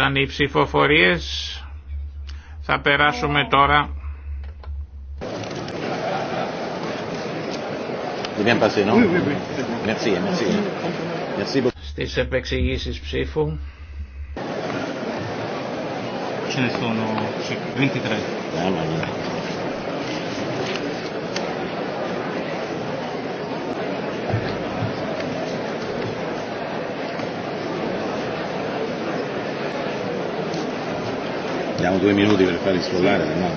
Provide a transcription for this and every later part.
Άρχισαν οι ψηφοφορίες. Θα περάσουμε τώρα. Στις επεξηγήσεις ψήφου. Ce ne sono 23. Abbiamo due minuti per farli sfogare se no.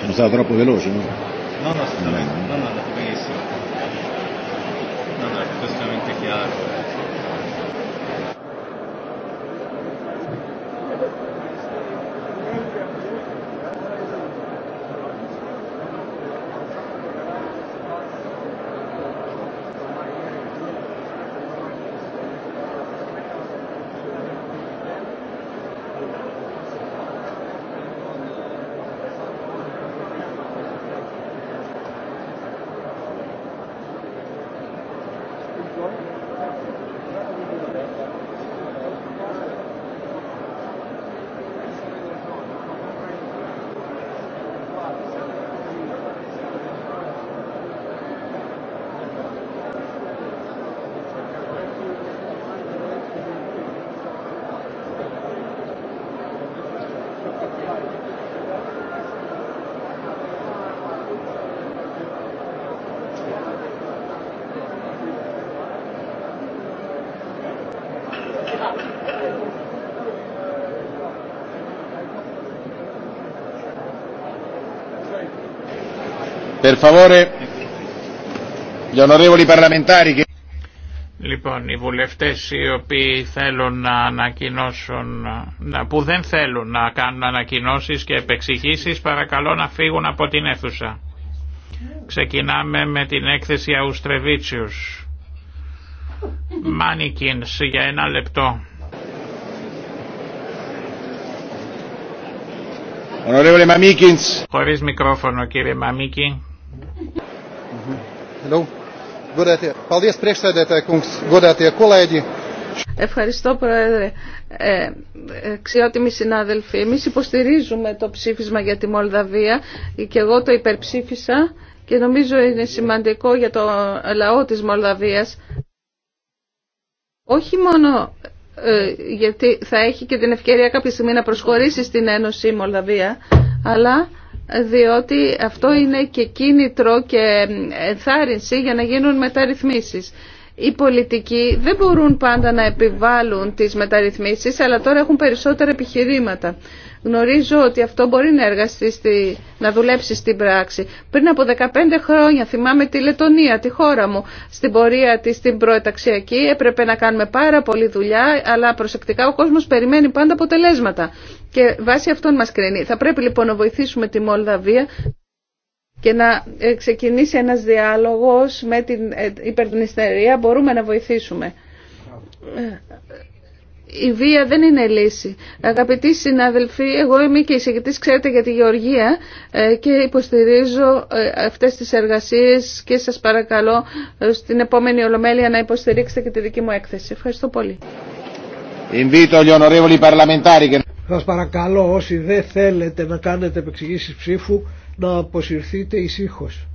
Sono stato troppo veloce, no? Per favore, gli onorevoli parlamentari che... Λοιπόν, οι βουλευτές οι οποίοι θέλουν να ανακοινώσουν, να, που δεν θέλουν να κάνουν ανακοινώσεις και επεξηγήσεις, παρακαλώ να φύγουν από την αίθουσα. Ξεκινάμε με την έκθεση Αουστρεβίτσιους. Μάνικινς για ένα λεπτό. Χωρίς μικρόφωνο κύριε Μαμίκη. Ευχαριστώ Πρόεδρε. Ε, συνάδελφοι, εμείς υποστηρίζουμε το ψήφισμα για τη Μολδαβία και εγώ το υπερψήφισα και νομίζω είναι σημαντικό για το λαό της Μολδαβίας όχι μόνο ε, γιατί θα έχει και την ευκαιρία κάποια στιγμή να προσχωρήσει στην Ένωση Μολδαβία, αλλά ε, διότι αυτό είναι και κίνητρο και ενθάρρυνση για να γίνουν μεταρρυθμίσεις. Οι πολιτικοί δεν μπορούν πάντα να επιβάλλουν τις μεταρρυθμίσεις, αλλά τώρα έχουν περισσότερα επιχειρήματα. Γνωρίζω ότι αυτό μπορεί να, εργαστεί στη, να δουλέψει στην πράξη. Πριν από 15 χρόνια θυμάμαι τη Λετωνία, τη χώρα μου. Στην πορεία της στην προεταξιακή έπρεπε να κάνουμε πάρα πολλή δουλειά, αλλά προσεκτικά ο κόσμος περιμένει πάντα αποτελέσματα. Και βάσει αυτών μας κρίνει. Θα πρέπει λοιπόν να βοηθήσουμε τη Μολδαβία και να ε, ξεκινήσει ένας διάλογος με την ε, υπερδνηστερία μπορούμε να βοηθήσουμε. Ε, η βία δεν είναι λύση. Αγαπητοί συνάδελφοι, εγώ είμαι και εισηγητής, ξέρετε, για τη Γεωργία ε, και υποστηρίζω ε, αυτές τις εργασίες και σας παρακαλώ ε, στην επόμενη Ολομέλεια να υποστηρίξετε και τη δική μου έκθεση. Ευχαριστώ πολύ. Σας παρακαλώ όσοι δεν θέλετε να κάνετε επεξηγήσεις ψήφου να αποσυρθείτε ησύχως.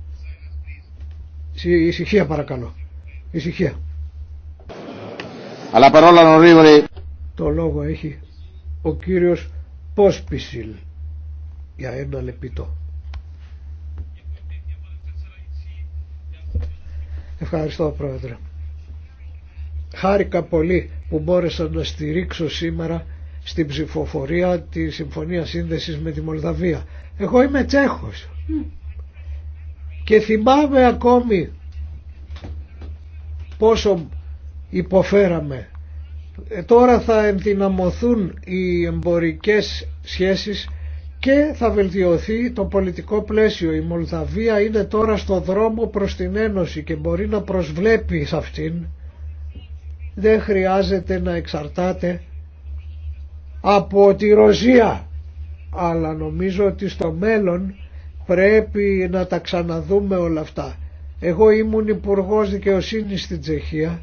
Ησυχία παρακαλώ. Ησυχία. Αλλά παρόλα το λόγο έχει ο κύριος Πόσπισιλ για ένα λεπτό. Ευχαριστώ πρόεδρε. Χάρηκα πολύ που μπόρεσα να στηρίξω σήμερα στην ψηφοφορία τη Συμφωνία Σύνδεσης με τη Μολδαβία. Εγώ είμαι Τσέχος και θυμάμαι ακόμη πόσο υποφέραμε ε, τώρα θα ενδυναμωθούν οι εμπορικές σχέσεις και θα βελτιωθεί το πολιτικό πλαίσιο. Η Μολδαβία είναι τώρα στο δρόμο προς την Ένωση και μπορεί να προσβλέπει σε αυτήν. Δεν χρειάζεται να εξαρτάται από τη Ρωσία. Αλλά νομίζω ότι στο μέλλον πρέπει να τα ξαναδούμε όλα αυτά. Εγώ ήμουν υπουργό δικαιοσύνης στην Τσεχία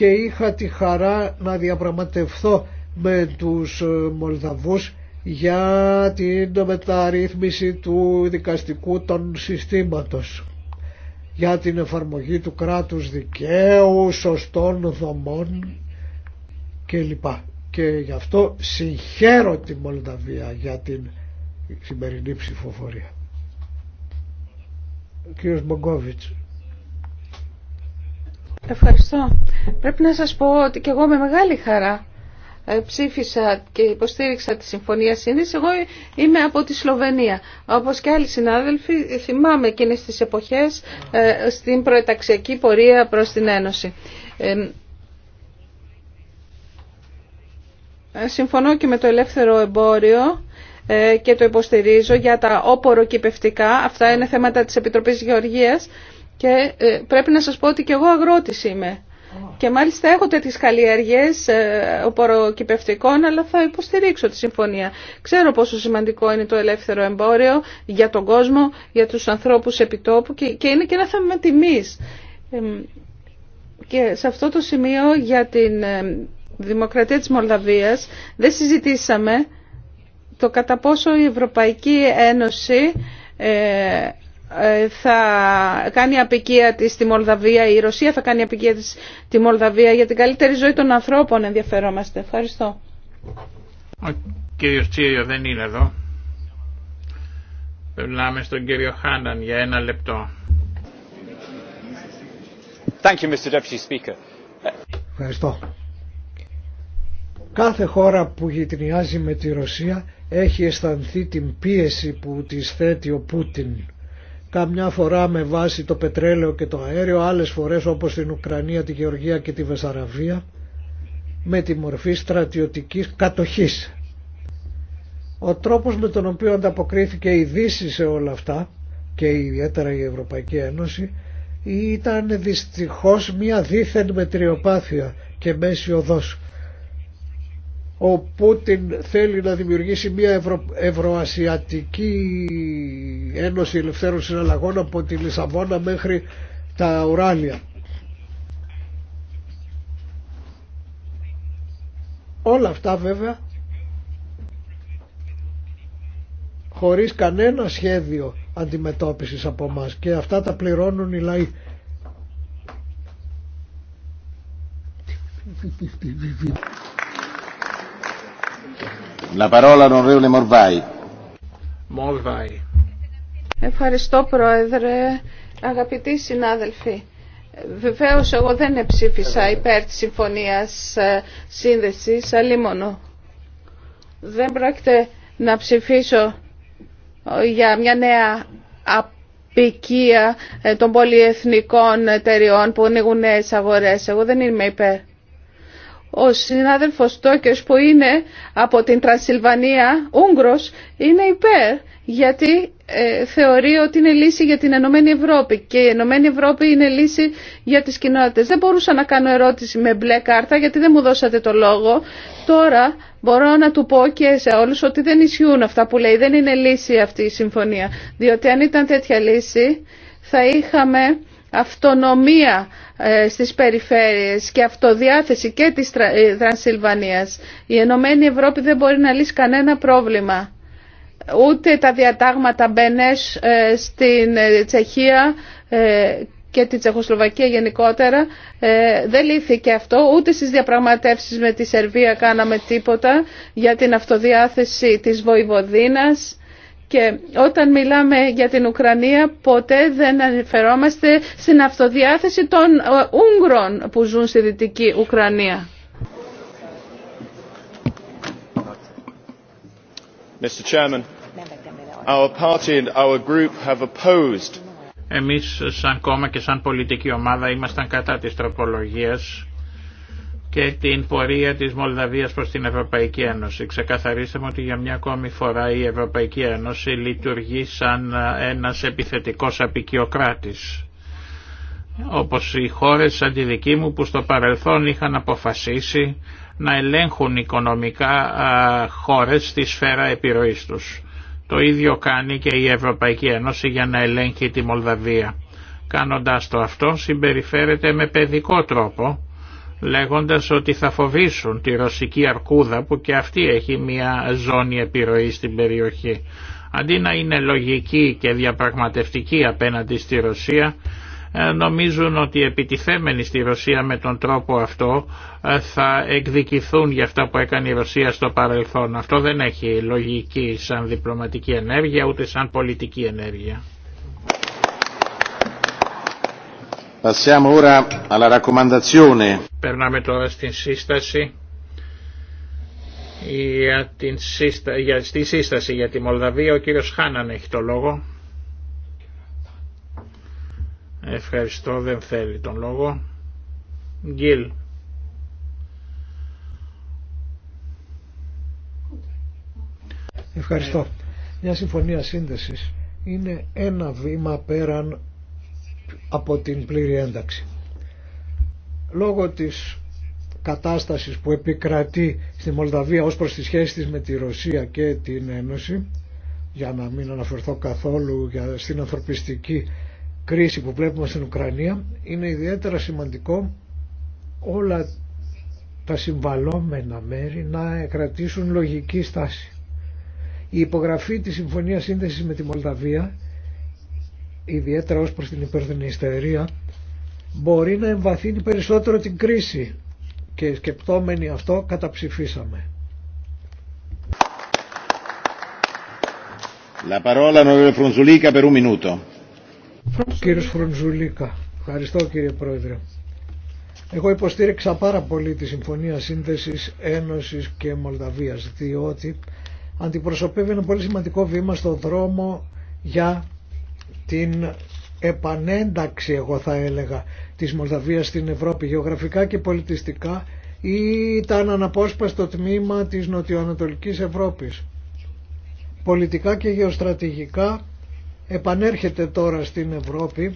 και είχα τη χαρά να διαπραγματευθώ με τους ε, Μολδαβούς για την μεταρρύθμιση του δικαστικού των συστήματος για την εφαρμογή του κράτους δικαίου, σωστών δομών κλπ. Και γι' αυτό συγχαίρω τη Μολδαβία για την σημερινή ψηφοφορία. Ο κύριος Ευχαριστώ. Πρέπει να σας πω ότι και εγώ με μεγάλη χαρά ε, ψήφισα και υποστήριξα τη Συμφωνία Σύνδεσης. Εγώ είμαι από τη Σλοβενία. Όπως και άλλοι συνάδελφοι θυμάμαι εκείνες τις εποχές ε, στην προεταξιακή πορεία προς την Ένωση. Ε, συμφωνώ και με το ελεύθερο εμπόριο και το υποστηρίζω για τα όπορο κυπευτικά. Αυτά είναι θέματα της Επιτροπής Γεωργίας. Και ε, πρέπει να σας πω ότι και εγώ αγρότης είμαι. Και μάλιστα έχω τέτοιες καλλιέργειες ε, οποροκυπευτικών, αλλά θα υποστηρίξω τη συμφωνία. Ξέρω πόσο σημαντικό είναι το ελεύθερο εμπόριο για τον κόσμο, για τους ανθρώπους επιτόπου και είναι και ένα θέμα τιμής. Και σε αυτό το σημείο για την ε, Δημοκρατία της Μολδαβίας δεν συζητήσαμε το κατά πόσο η Ευρωπαϊκή Ένωση ε, θα κάνει απικία της στη Μολδαβία, η Ρωσία θα κάνει απικία της στη Μολδαβία για την καλύτερη ζωή των ανθρώπων ενδιαφερόμαστε. Ευχαριστώ. Ο κύριος Τσίριο δεν είναι εδώ. Περνάμε στον κύριο Χάναν για ένα λεπτό. Thank you, Mr. Ευχαριστώ. Κάθε χώρα που γυτνιάζει με τη Ρωσία έχει αισθανθεί την πίεση που της θέτει ο Πούτιν καμιά φορά με βάση το πετρέλαιο και το αέριο, άλλες φορές όπως στην Ουκρανία, τη Γεωργία και τη Βεσαραβία, με τη μορφή στρατιωτικής κατοχής. Ο τρόπος με τον οποίο ανταποκρίθηκε η Δύση σε όλα αυτά και ιδιαίτερα η Ευρωπαϊκή Ένωση ήταν δυστυχώς μια δίθεν μετριοπάθεια και μέση οδός ο Πούτιν θέλει να δημιουργήσει μια Ευρω... ευρωασιατική ένωση ελευθέρων συναλλαγών από τη Λισαβόνα μέχρι τα Ουράλια. Όλα αυτά βέβαια χωρίς κανένα σχέδιο αντιμετώπισης από μας και αυτά τα πληρώνουν οι λαοί. Ευχαριστώ Πρόεδρε, αγαπητοί συνάδελφοι. Βεβαίως εγώ δεν ψήφισα υπέρ της συμφωνίας ε, σύνδεσης, αλίμονο. Δεν πρόκειται να ψηφίσω ε, για μια νέα απικία ε, των πολυεθνικών εταιριών που ανοίγουν νέες αγορές. Εγώ δεν είμαι υπέρ. Ο συνάδελφος Τόκιος που είναι από την Τρανσιλβανία, Ούγγρος, είναι υπέρ γιατί ε, θεωρεί ότι είναι λύση για την Ενωμένη Ευρώπη και η Ενωμένη Ευρώπη είναι λύση για τις κοινότητες. Δεν μπορούσα να κάνω ερώτηση με μπλε κάρτα γιατί δεν μου δώσατε το λόγο. Τώρα μπορώ να του πω και σε όλους ότι δεν ισχύουν αυτά που λέει, δεν είναι λύση αυτή η συμφωνία. Διότι αν ήταν τέτοια λύση θα είχαμε αυτονομία ε, στις περιφέρειες και αυτοδιάθεση και της ε, Τρανσιλβανίας. Η Ενωμένη Ευρώπη δεν μπορεί να λύσει κανένα πρόβλημα. Ούτε τα διατάγματα Μπενές ε, στην Τσεχία και την Τσεχοσλοβακία γενικότερα δεν λύθηκε αυτό. Ούτε στις διαπραγματεύσεις με τη Σερβία κάναμε τίποτα για την αυτοδιάθεση της Βοηβοδίνας και όταν μιλάμε για την Ουκρανία ποτέ δεν αναφερόμαστε στην αυτοδιάθεση των ε, Ούγγρων που ζουν στη Δυτική Ουκρανία. Mr. Chairman, our party and our group have opposed. Εμείς σαν κόμμα και σαν πολιτική ομάδα ήμασταν κατά της τροπολογίας και την πορεία της Μολδαβίας προς την Ευρωπαϊκή Ένωση. Ξεκαθαρίσαμε ότι για μια ακόμη φορά η Ευρωπαϊκή Ένωση λειτουργεί σαν ένας επιθετικός απεικιοκράτης. Όπως οι χώρες σαν τη δική μου που στο παρελθόν είχαν αποφασίσει να ελέγχουν οικονομικά χώρες στη σφαίρα επιρροής τους. Το ίδιο κάνει και η Ευρωπαϊκή Ένωση για να ελέγχει τη Μολδαβία. Κάνοντας το αυτό συμπεριφέρεται με παιδικό τρόπο λέγοντας ότι θα φοβήσουν τη ρωσική αρκούδα που και αυτή έχει μια ζώνη επιρροή στην περιοχή. Αντί να είναι λογική και διαπραγματευτική απέναντι στη Ρωσία, ε, νομίζουν ότι επιτιθέμενοι στη Ρωσία με τον τρόπο αυτό ε, θα εκδικηθούν για αυτά που έκανε η Ρωσία στο παρελθόν. Αυτό δεν έχει λογική σαν διπλωματική ενέργεια ούτε σαν πολιτική ενέργεια. Περνάμε τώρα στην σύσταση για την σύσταση για τη Μολδαβία. Ο κύριος Χάναν έχει το λόγο. Ευχαριστώ, δεν θέλει τον λόγο. Γκίλ. Ευχαριστώ. Μια συμφωνία σύνδεσης είναι ένα βήμα πέραν από την πλήρη ένταξη. Λόγω της κατάστασης που επικρατεί στη Μολδαβία ως προς τις σχέσεις της με τη Ρωσία και την Ένωση για να μην αναφερθώ καθόλου για, στην ανθρωπιστική κρίση που βλέπουμε στην Ουκρανία είναι ιδιαίτερα σημαντικό όλα τα συμβαλόμενα μέρη να κρατήσουν λογική στάση. Η υπογραφή της Συμφωνίας Σύνδεσης με τη Μολδαβία ιδιαίτερα ως προς την ιστερία, μπορεί να εμβαθύνει περισσότερο την κρίση και σκεπτόμενοι αυτό καταψηφίσαμε. La parola Frunzulica per un minuto. Κύριος Φρονζουλίκα, ευχαριστώ κύριε Πρόεδρε. Εγώ υποστήριξα πάρα πολύ τη Συμφωνία Σύνθεσης Ένωσης και Μολδαβίας διότι αντιπροσωπεύει ένα πολύ σημαντικό βήμα στον δρόμο για την επανένταξη εγώ θα έλεγα της Μολδαβίας στην Ευρώπη γεωγραφικά και πολιτιστικά ήταν αναπόσπαστο τμήμα της νοτιοανατολικής Ευρώπης. Πολιτικά και γεωστρατηγικά επανέρχεται τώρα στην Ευρώπη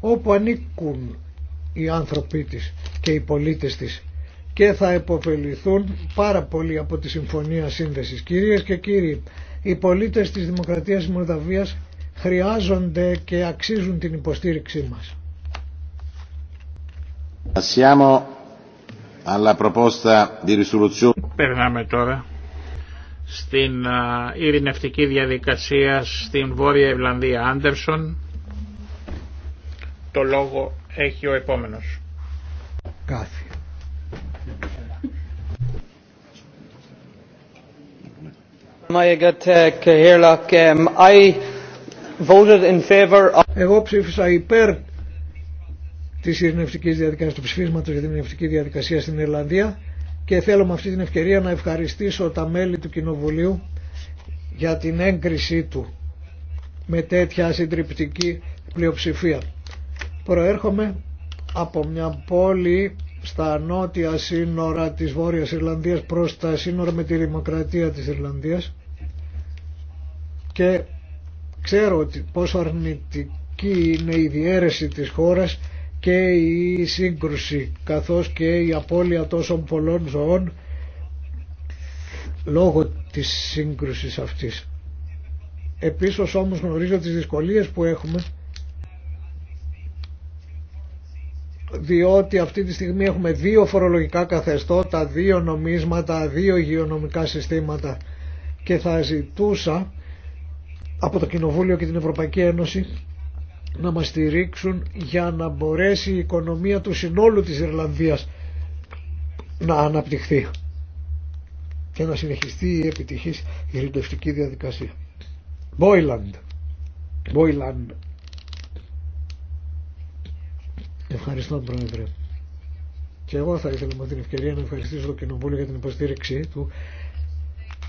όπου ανήκουν οι άνθρωποι της και οι πολίτες της και θα επωφεληθούν πάρα πολύ από τη Συμφωνία Σύνδεσης. Κυρίες και κύριοι, οι πολίτες της Δημοκρατίας της Μολδαβίας χρειάζονται και αξίζουν την υποστήριξή μας. Περνάμε τώρα στην ειρηνευτική διαδικασία στην Βόρεια Ευλανδία Άντερσον. Το λόγο έχει ο επόμενος. Κάθε. Uh, um, I voted in favor of... Εγώ ψήφισα υπέρ της ειρηνευτικής διαδικασίας, του ψηφίσματος για την ειρηνευτική διαδικασία στην Ιρλανδία και θέλω με αυτή την ευκαιρία να ευχαριστήσω τα μέλη του Κοινοβουλίου για την έγκρισή του με τέτοια συντριπτική πλειοψηφία. Προέρχομαι από μια πόλη στα νότια σύνορα της Βόρειας Ιρλανδίας προς τα σύνορα με τη Δημοκρατία της Ιρλανδίας και Ξέρω ότι πόσο αρνητική είναι η διαίρεση της χώρας και η σύγκρουση καθώς και η απώλεια τόσων πολλών ζωών λόγω της σύγκρουσης αυτής. Επίσης όμως γνωρίζω τις δυσκολίες που έχουμε διότι αυτή τη στιγμή έχουμε δύο φορολογικά καθεστώτα, δύο νομίσματα, δύο υγειονομικά συστήματα και θα ζητούσα από το Κοινοβούλιο και την Ευρωπαϊκή Ένωση να μας στηρίξουν για να μπορέσει η οικονομία του συνόλου της Ιρλανδίας να αναπτυχθεί και να συνεχιστεί η επιτυχής ειρηνευτική διαδικασία. Μπόιλαντ. Μπόιλαντ. Ευχαριστώ Πρόεδρε. Και εγώ θα ήθελα με την ευκαιρία να ευχαριστήσω το Κοινοβούλιο για την υποστήριξή του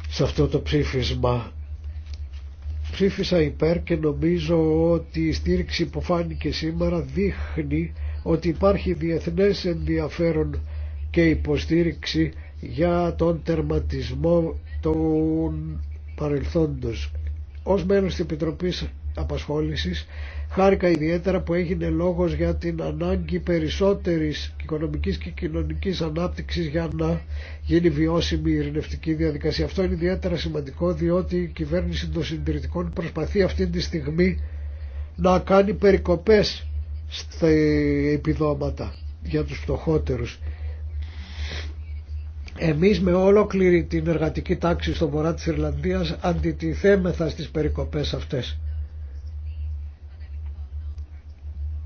σε αυτό το ψήφισμα ψήφισα υπέρ και νομίζω ότι η στήριξη που φάνηκε σήμερα δείχνει ότι υπάρχει διεθνές ενδιαφέρον και υποστήριξη για τον τερματισμό των παρελθόντος. Ως μέλος της Επιτροπής Απασχόλησης Χάρηκα ιδιαίτερα που έγινε λόγος για την ανάγκη περισσότερης οικονομικής και κοινωνικής ανάπτυξης για να γίνει βιώσιμη η ειρηνευτική διαδικασία. Αυτό είναι ιδιαίτερα σημαντικό διότι η κυβέρνηση των συντηρητικών προσπαθεί αυτή τη στιγμή να κάνει περικοπές στα επιδόματα για τους φτωχότερους. Εμείς με ολόκληρη την εργατική τάξη στον βορρά της Ιρλανδίας αντιτιθέμεθα στις περικοπές αυτές.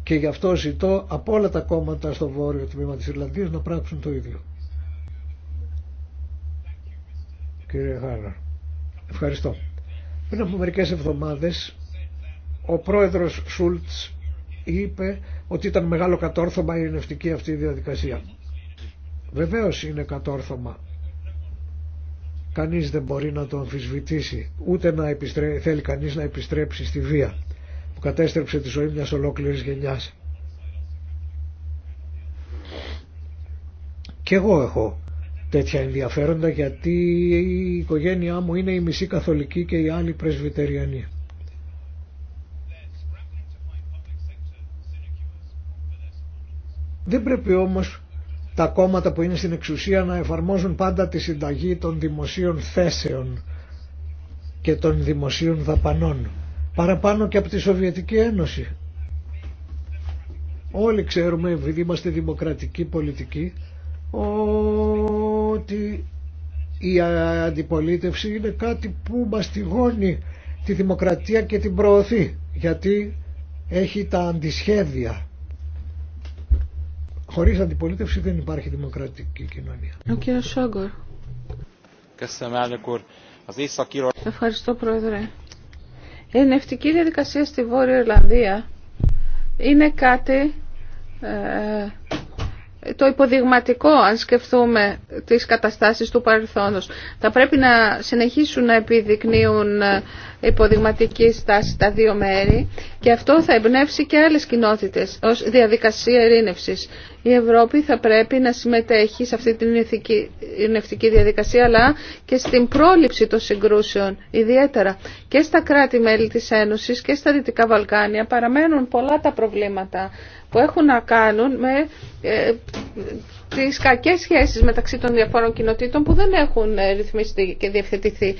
Και γι' αυτό ζητώ από όλα τα κόμματα στο βόρειο τμήμα της Ιρλανδίας να πράξουν το ίδιο. Κύριε Χάρα, ευχαριστώ. Πριν από μερικές εβδομάδες ο πρόεδρος Σούλτς είπε ότι ήταν μεγάλο κατόρθωμα η ειρηνευτική αυτή διαδικασία. Βεβαίως είναι κατόρθωμα. Κανείς δεν μπορεί να το αμφισβητήσει, ούτε να επιστρέ... θέλει κανείς να επιστρέψει στη βία που κατέστρεψε τη ζωή μιας ολόκληρης γενιάς. Και εγώ έχω τέτοια ενδιαφέροντα γιατί η οικογένειά μου είναι η μισή καθολική και η άλλη πρεσβυτεριανή. Δεν πρέπει όμως τα κόμματα που είναι στην εξουσία να εφαρμόζουν πάντα τη συνταγή των δημοσίων θέσεων και των δημοσίων δαπανών παραπάνω και από τη Σοβιετική Ένωση. Όλοι ξέρουμε, επειδή είμαστε δημοκρατικοί πολιτικοί, ότι η αντιπολίτευση είναι κάτι που μαστιγώνει τη δημοκρατία και την προωθεί, γιατί έχει τα αντισχέδια. Χωρίς αντιπολίτευση δεν υπάρχει δημοκρατική κοινωνία. Ο κύριος Σόγκορ. Ευχαριστώ Πρόεδρε. Η ενευτική διαδικασία στη Βόρεια Ιρλανδία είναι κάτι ε, το υποδειγματικό αν σκεφτούμε τις καταστάσεις του παρελθόντος. Θα πρέπει να συνεχίσουν να επιδεικνύουν ε, υποδειγματική στάση τα δύο μέρη και αυτό θα εμπνεύσει και άλλες κοινότητες ως διαδικασία ειρήνευσης η Ευρώπη θα πρέπει να συμμετέχει σε αυτή την ειρηνευτική διαδικασία αλλά και στην πρόληψη των συγκρούσεων ιδιαίτερα. Και στα κράτη-μέλη της Ένωσης και στα Δυτικά Βαλκάνια παραμένουν πολλά τα προβλήματα που έχουν να κάνουν με ε, τις κακές σχέσεις μεταξύ των διαφόρων κοινοτήτων που δεν έχουν ε, ρυθμιστεί και διευθετηθεί.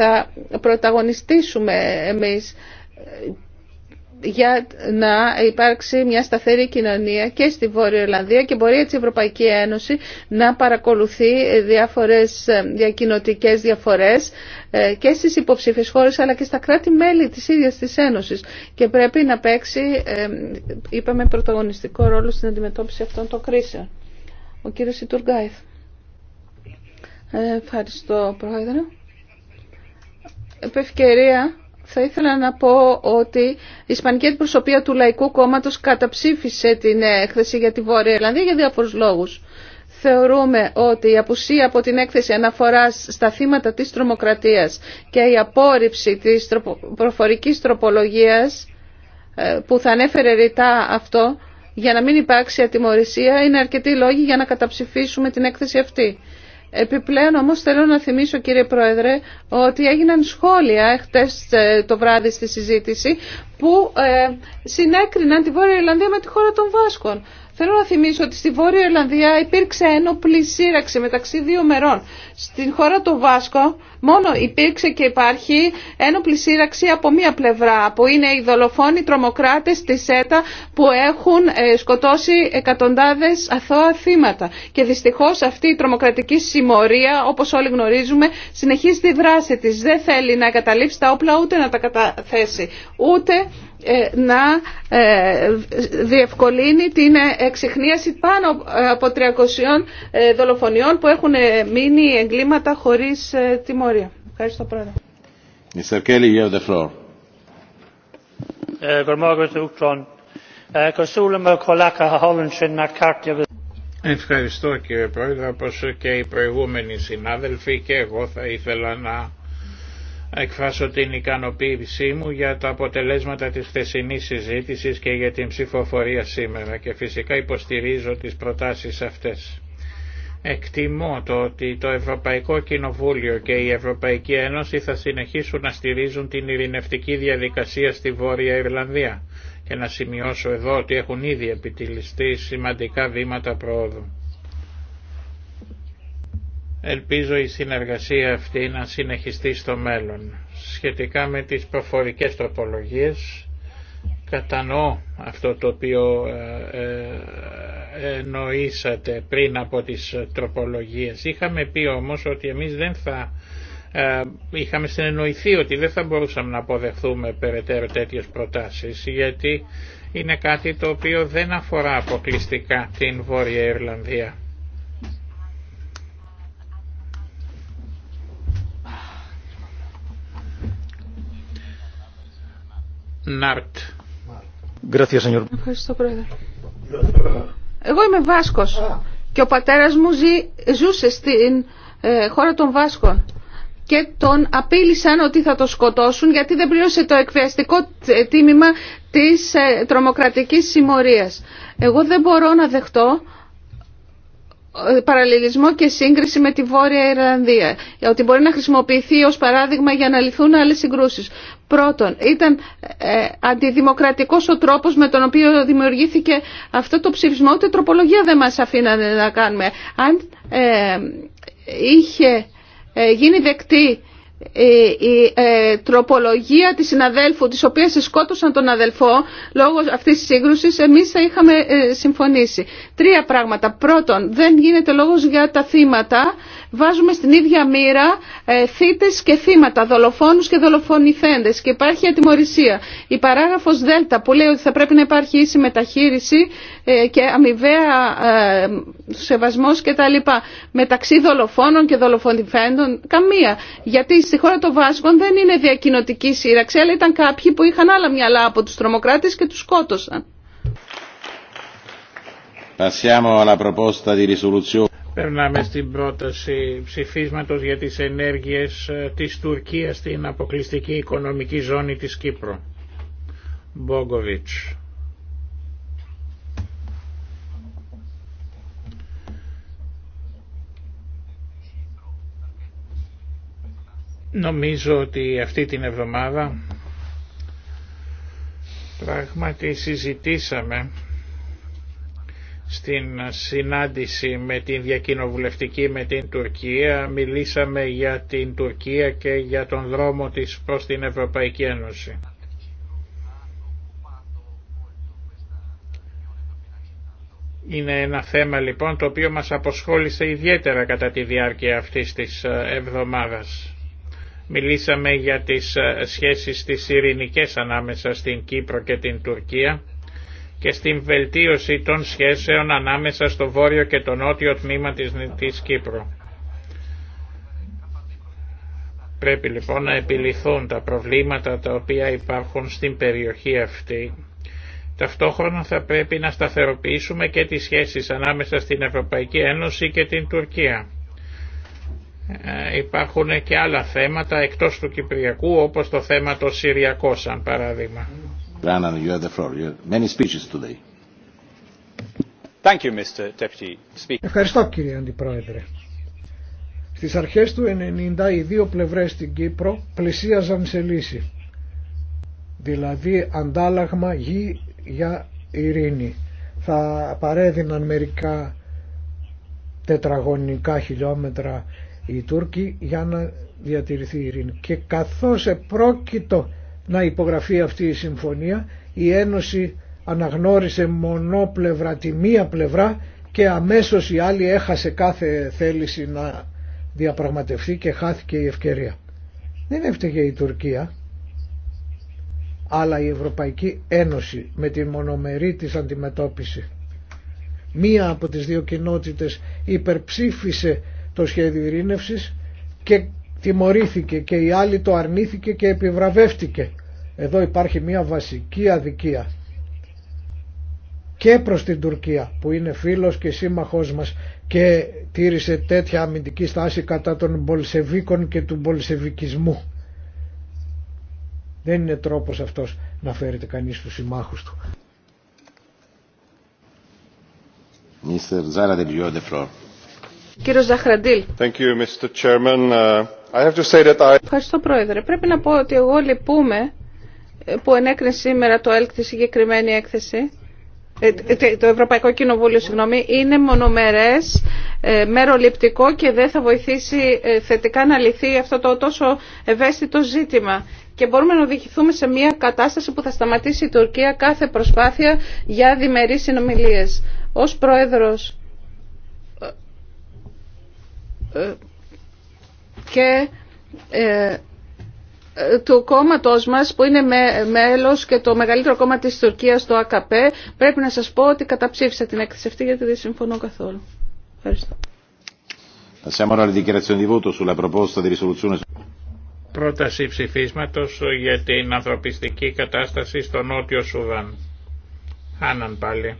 Θα πρωταγωνιστήσουμε εμείς ε, για να υπάρξει μια σταθερή κοινωνία και στη Βόρεια Ιρλανδία και μπορεί έτσι η Ευρωπαϊκή Ένωση να παρακολουθεί διάφορες ε, διακοινωτικές διαφορές ε, και στις υποψήφιες χώρες αλλά και στα κράτη-μέλη της ίδιας της Ένωσης και πρέπει να παίξει, ε, είπαμε, πρωταγωνιστικό ρόλο στην αντιμετώπιση αυτών των κρίσεων. Ο κύριος Σιτουργάηθ. Ευχαριστώ, Πρόεδρε. Θα ήθελα να πω ότι η Ισπανική Αντιπροσωπεία του Λαϊκού Κόμματος καταψήφισε την έκθεση για τη Βόρεια Ιρλανδία για διάφορους λόγους. Θεωρούμε ότι η απουσία από την έκθεση αναφοράς στα θύματα της τρομοκρατίας και η απόρριψη της προφορικής τροπολογίας ε, που θα ανέφερε ρητά αυτό για να μην υπάρξει ατιμορρησία είναι αρκετοί λόγοι για να καταψηφίσουμε την έκθεση αυτή. Επιπλέον όμως θέλω να θυμίσω κύριε Πρόεδρε ότι έγιναν σχόλια χτες ε, το βράδυ στη συζήτηση που ε, συνέκριναν τη Βόρεια Ιρλανδία με τη χώρα των Βάσκων. Θέλω να θυμίσω ότι στη Βόρεια Ιρλανδία υπήρξε ένοπλη σύραξη μεταξύ δύο μερών. Στην χώρα των Βάσκων Μόνο υπήρξε και υπάρχει ένοπλη σύραξη από μία πλευρά που είναι οι δολοφόνοι τρομοκράτες της ΣΕΤΑ που έχουν ε, σκοτώσει εκατοντάδες αθώα θύματα. Και δυστυχώς αυτή η τρομοκρατική συμμορία όπως όλοι γνωρίζουμε συνεχίζει τη δράση της. Δεν θέλει να εγκαταλείψει τα όπλα ούτε να τα καταθέσει ούτε ε, να ε, διευκολύνει την εξυχνίαση πάνω από 300 δολοφονιών που έχουν μείνει εγκλήματα χωρίς τιμωρία. Ευχαριστώ πρόεδρε. Mr. Kelly, you have the floor. Ευχαριστώ κύριε Πρόεδρε, όπως και οι προηγούμενοι συνάδελφοι και εγώ θα ήθελα να εκφράσω την ικανοποίησή μου για τα αποτελέσματα της χθεσινής συζήτησης και για την ψηφοφορία σήμερα και φυσικά υποστηρίζω τις προτάσεις αυτές. Εκτιμώ το ότι το Ευρωπαϊκό Κοινοβούλιο και η Ευρωπαϊκή Ένωση θα συνεχίσουν να στηρίζουν την ειρηνευτική διαδικασία στη Βόρεια Ιρλανδία και να σημειώσω εδώ ότι έχουν ήδη επιτυλιστεί σημαντικά βήματα προόδου. Ελπίζω η συνεργασία αυτή να συνεχιστεί στο μέλλον. Σχετικά με τις προφορικές τοπολογίες, κατανοώ αυτό το οποίο ε, ε, εννοήσατε πριν από τις τροπολογίες. Είχαμε πει όμως ότι εμείς δεν θα ε, είχαμε συνεννοηθεί ότι δεν θα μπορούσαμε να αποδεχθούμε περαιτέρω τέτοιες προτάσεις γιατί είναι κάτι το οποίο δεν αφορά αποκλειστικά την Βόρεια Ιρλανδία. Ναρτ. Ευχαριστώ, Πρόεδρε. Εγώ είμαι Βάσκος και ο πατέρας μου ζούσε στην ε, χώρα των Βάσκων και τον απείλησαν ότι θα το σκοτώσουν γιατί δεν πλήρωσε το εκβιαστικό τίμημα της ε, τρομοκρατικής συμμορίας. Εγώ δεν μπορώ να δεχτώ παραλληλισμό και σύγκριση με τη Βόρεια Ιρλανδία. Ότι μπορεί να χρησιμοποιηθεί ως παράδειγμα για να λυθούν άλλες συγκρούσεις. Πρώτον, ήταν ε, αντιδημοκρατικός ο τρόπος με τον οποίο δημιουργήθηκε αυτό το ψηφισμό. Ούτε τροπολογία δεν μας αφήνανε να κάνουμε. Αν ε, είχε ε, γίνει δεκτή ε, η ε, τροπολογία της συναδέλφου της οποίας σκότωσαν τον αδελφό λόγω αυτής της σύγκρουσης εμείς θα είχαμε ε, συμφωνήσει. Τρία πράγματα. Πρώτον, δεν γίνεται λόγος για τα θύματα βάζουμε στην ίδια μοίρα ε, θύτες και θύματα, δολοφόνους και δολοφονηθέντες και υπάρχει ατιμορρησία. Η παράγραφο Δέλτα που λέει ότι θα πρέπει να υπάρχει ίση μεταχείριση ε, και αμοιβαία ε, σεβασμός και τα λοιπά μεταξύ δολοφόνων και δολοφονηθέντων καμία. Γιατί στη χώρα των Βάσκων δεν είναι διακοινωτική σύραξη αλλά ήταν κάποιοι που είχαν άλλα μυαλά από του τρομοκράτε και του σκότωσαν. Περνάμε στην πρόταση ψηφίσματος για τις ενέργειες ε, της Τουρκίας στην αποκλειστική οικονομική ζώνη της Κύπρου. Μπόγκοβιτς. Νομίζω ότι αυτή την εβδομάδα πράγματι συζητήσαμε στην συνάντηση με την διακοινοβουλευτική με την Τουρκία μιλήσαμε για την Τουρκία και για τον δρόμο της προς την Ευρωπαϊκή Ένωση. Είναι ένα θέμα λοιπόν το οποίο μας αποσχόλησε ιδιαίτερα κατά τη διάρκεια αυτής της ε, εβδομάδας. Μιλήσαμε για τις ε, σχέσεις της ειρηνικές ανάμεσα στην Κύπρο και την Τουρκία και στην βελτίωση των σχέσεων ανάμεσα στο βόρειο και το νότιο τμήμα της της Κύπρου. Πρέπει λοιπόν να επιληθούν τα προβλήματα τα οποία υπάρχουν στην περιοχή αυτή. Ταυτόχρονα θα πρέπει να σταθεροποιήσουμε και τις σχέσεις ανάμεσα στην Ευρωπαϊκή Ένωση και την Τουρκία. Ε, υπάρχουν και άλλα θέματα εκτός του Κυπριακού όπως το θέμα το Συριακό σαν παράδειγμα. Ευχαριστώ κύριε Αντιπρόεδρε. Στις αρχές του 90 οι δύο πλευρές στην Κύπρο πλησίαζαν σε λύση. Δηλαδή αντάλλαγμα γη για ειρήνη. Θα παρέδιναν μερικά τετραγωνικά χιλιόμετρα οι Τούρκοι για να διατηρηθεί η ειρήνη. Και καθώς επρόκειτο να υπογραφεί αυτή η συμφωνία. Η Ένωση αναγνώρισε μονόπλευρα τη μία πλευρά και αμέσως η άλλη έχασε κάθε θέληση να διαπραγματευτεί και χάθηκε η ευκαιρία. Δεν έφταιγε η Τουρκία, αλλά η Ευρωπαϊκή Ένωση με την μονομερή της αντιμετώπιση. Μία από τις δύο κοινότητες υπερψήφισε το σχέδιο ειρήνευσης τιμωρήθηκε και η άλλη το αρνήθηκε και επιβραβεύτηκε. Εδώ υπάρχει μια βασική αδικία και προς την Τουρκία που είναι φίλος και σύμμαχός μας και τήρησε τέτοια αμυντική στάση κατά των Μπολσεβίκων και του Μπολσεβικισμού. Δεν είναι τρόπος αυτός να φέρεται κανείς τους συμμάχους του. Mr. Ζαχραντήλ. Thank you, Mr. Ευχαριστώ Πρόεδρε. Πρέπει να πω ότι εγώ λυπούμαι ε, που ενέκρινε σήμερα το ΕΛΚ τη συγκεκριμένη έκθεση. Ε, το Ευρωπαϊκό Κοινοβούλιο, συγγνώμη, είναι μονομερές, ε, μεροληπτικό και δεν θα βοηθήσει θετικά να λυθεί αυτό το τόσο ευαίσθητο ζήτημα. Και μπορούμε να οδηγηθούμε σε μια κατάσταση που θα σταματήσει η Τουρκία κάθε προσπάθεια για διμερείς συνομιλίες. Ως πρόεδρος και ε, του κόμματός μας που είναι μέλος και το μεγαλύτερο κόμμα της Τουρκίας το ΑΚΠ πρέπει να σας πω ότι καταψήφισα την έκθεση αυτή γιατί δεν συμφωνώ καθόλου. Ευχαριστώ. Πρόταση ψηφίσματος για την ανθρωπιστική κατάσταση στο Νότιο Σουδάν. Άναν πάλι.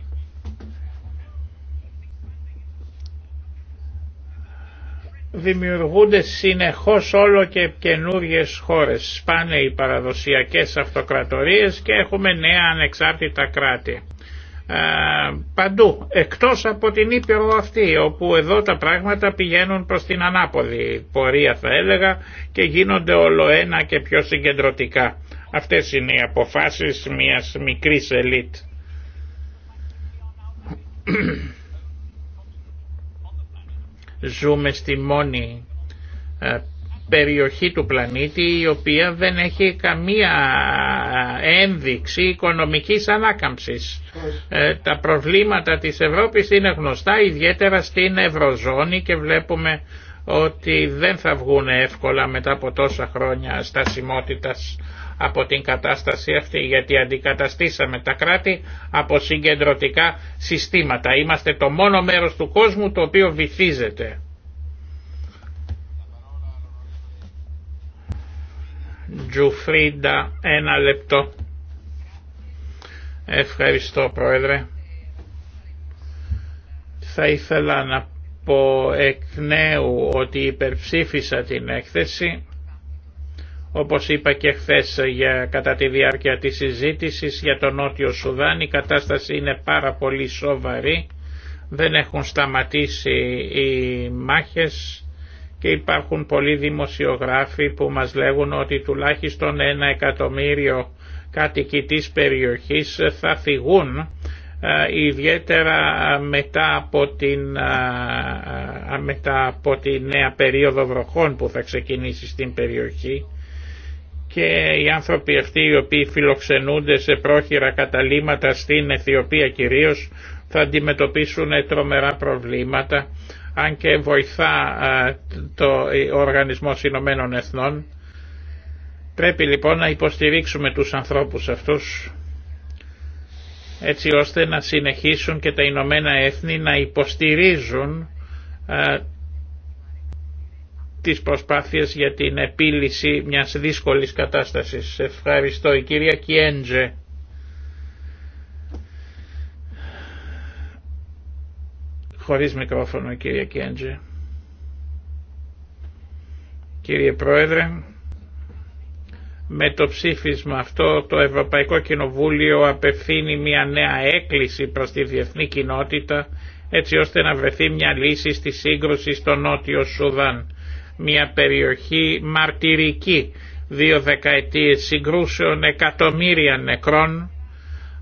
δημιουργούνται συνεχώς όλο και καινούριε χώρες. Σπάνε οι παραδοσιακές αυτοκρατορίες και έχουμε νέα ανεξάρτητα κράτη. παντού, εκτός από την Ήπειρο αυτή, όπου εδώ τα πράγματα πηγαίνουν προς την ανάποδη πορεία θα έλεγα και γίνονται όλο ένα και πιο συγκεντρωτικά. Αυτές είναι οι αποφάσεις μιας μικρής ελίτ. Ζούμε στη μόνη ε, περιοχή του πλανήτη η οποία δεν έχει καμία ε, ένδειξη οικονομικής ανάκαμψης. Ε, τα προβλήματα της Ευρώπης είναι γνωστά ιδιαίτερα στην Ευρωζώνη και βλέπουμε ότι δεν θα βγουν εύκολα μετά από τόσα χρόνια στασιμότητας από την κατάσταση αυτή γιατί αντικαταστήσαμε τα κράτη από συγκεντρωτικά συστήματα. Είμαστε το μόνο μέρος του κόσμου το οποίο βυθίζεται. Τζουφρίντα, ένα λεπτό. Ευχαριστώ Πρόεδρε. Θα ήθελα να πω εκ νέου ότι υπερψήφισα την έκθεση όπως είπα και χθε κατά τη διάρκεια της συζήτησης για τον Νότιο Σουδάν, η κατάσταση είναι πάρα πολύ σοβαρή, δεν έχουν σταματήσει οι μάχες και υπάρχουν πολλοί δημοσιογράφοι που μας λέγουν ότι τουλάχιστον ένα εκατομμύριο κάτοικοι της περιοχής θα φυγούν ε, ιδιαίτερα μετά από, την, ε, ε, μετά από τη νέα περίοδο βροχών που θα ξεκινήσει στην περιοχή και οι άνθρωποι αυτοί οι οποίοι φιλοξενούνται σε πρόχειρα καταλήματα στην Αιθιοπία κυρίως θα αντιμετωπίσουν τρομερά προβλήματα αν και βοηθά το Οργανισμός Ηνωμένων Εθνών. Πρέπει λοιπόν να υποστηρίξουμε τους ανθρώπους αυτούς έτσι ώστε να συνεχίσουν και τα Ηνωμένα Έθνη να υποστηρίζουν τις προσπάθειες για την επίλυση μιας δύσκολης κατάστασης. Ευχαριστώ η κυρία Κιέντζε. Χωρίς μικρόφωνο η κυρία Κιέντζε. Κύριε Πρόεδρε, με το ψήφισμα αυτό το Ευρωπαϊκό Κοινοβούλιο απευθύνει μια νέα έκκληση προς τη διεθνή κοινότητα έτσι ώστε να βρεθεί μια λύση στη σύγκρουση στο Νότιο Σουδάν μια περιοχή μαρτυρική, δύο δεκαετίες συγκρούσεων εκατομμύρια νεκρών.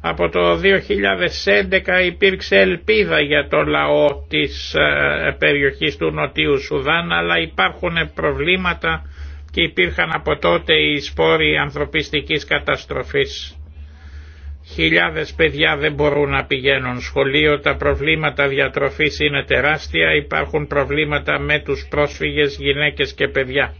Από το 2011 υπήρξε ελπίδα για το λαό της ε, περιοχής του Νοτίου Σουδάν, αλλά υπάρχουν προβλήματα και υπήρχαν από τότε οι σπόροι ανθρωπιστικής καταστροφής. Χιλιάδες παιδιά δεν μπορούν να πηγαίνουν σχολείο, τα προβλήματα διατροφής είναι τεράστια, υπάρχουν προβλήματα με τους πρόσφυγες γυναίκες και παιδιά.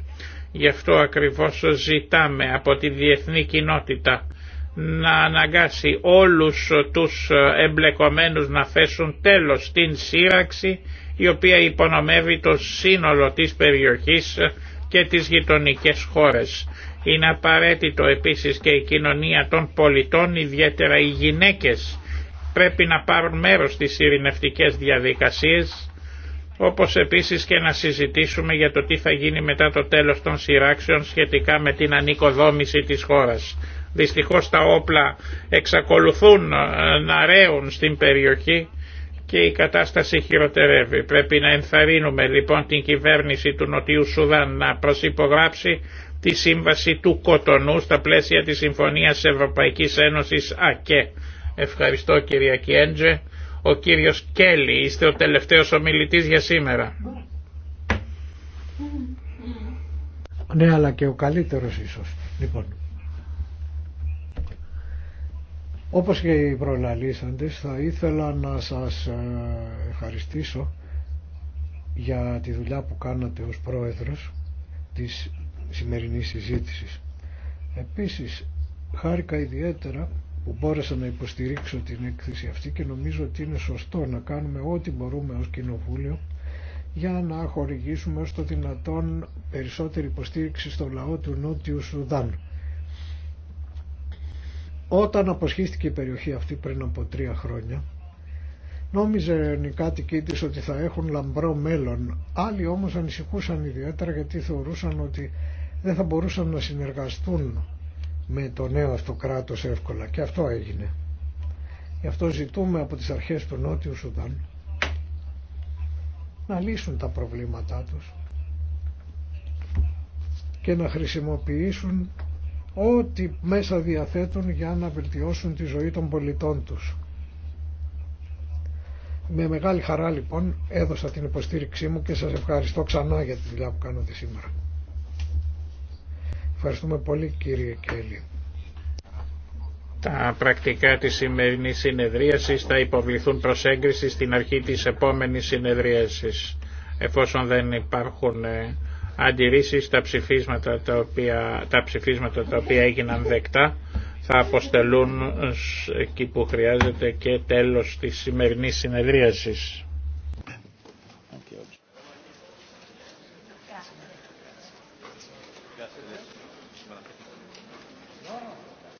Γι' αυτό ακριβώς ζητάμε από τη διεθνή κοινότητα να αναγκάσει όλους τους εμπλεκομένους να θέσουν τέλος στην σύραξη η οποία υπονομεύει το σύνολο της περιοχής και τις γειτονικές χώρες. Είναι απαραίτητο επίσης και η κοινωνία των πολιτών, ιδιαίτερα οι γυναίκες, πρέπει να πάρουν μέρος στις ειρηνευτικές διαδικασίες, όπως επίσης και να συζητήσουμε για το τι θα γίνει μετά το τέλος των σειράξεων σχετικά με την ανικοδόμηση της χώρας. Δυστυχώς τα όπλα εξακολουθούν ε, να ρέουν στην περιοχή και η κατάσταση χειροτερεύει. Πρέπει να ενθαρρύνουμε λοιπόν την κυβέρνηση του Νοτιού Σουδάν να προσυπογράψει τη σύμβαση του Κοτονού στα πλαίσια της Συμφωνίας Ευρωπαϊκής Ένωσης ΑΚΕ. Ευχαριστώ κυρία Κιέντζε. Ο κύριος Κέλλη, είστε ο τελευταίος ομιλητής για σήμερα. Ναι, αλλά και ο καλύτερος ίσως. Λοιπόν, όπως και οι προλαλήσαντες θα ήθελα να σας ε, ευχαριστήσω για τη δουλειά που κάνατε ως πρόεδρος της σημερινής συζήτηση. Επίσης, χάρηκα ιδιαίτερα που μπόρεσα να υποστηρίξω την έκθεση αυτή και νομίζω ότι είναι σωστό να κάνουμε ό,τι μπορούμε ως Κοινοβούλιο για να χορηγήσουμε ως το δυνατόν περισσότερη υποστήριξη στο λαό του Νότιου Σουδάν. Όταν αποσχίστηκε η περιοχή αυτή πριν από τρία χρόνια, νόμιζε οι κάτοικοί ότι θα έχουν λαμπρό μέλλον. Άλλοι όμως ανησυχούσαν ιδιαίτερα γιατί θεωρούσαν ότι δεν θα μπορούσαν να συνεργαστούν με το νέο αυτό κράτος εύκολα και αυτό έγινε. Γι' αυτό ζητούμε από τις αρχές του Νότιου Σουδάν να λύσουν τα προβλήματά τους και να χρησιμοποιήσουν ό,τι μέσα διαθέτουν για να βελτιώσουν τη ζωή των πολιτών τους. Με μεγάλη χαρά λοιπόν έδωσα την υποστήριξή μου και σας ευχαριστώ ξανά για τη δουλειά που κάνετε σήμερα. Ευχαριστούμε πολύ κύριε Κέλλη. Τα πρακτικά της σημερινής συνεδρίασης θα υποβληθούν προς έγκριση στην αρχή της επόμενης συνεδρίασης. Εφόσον δεν υπάρχουν ε, αντιρρήσεις, τα ψηφίσματα τα οποία, τα ψηφίσματα τα οποία έγιναν δεκτά θα αποστελούν ε, εκεί που χρειάζεται και τέλος της σημερινής συνεδρίασης.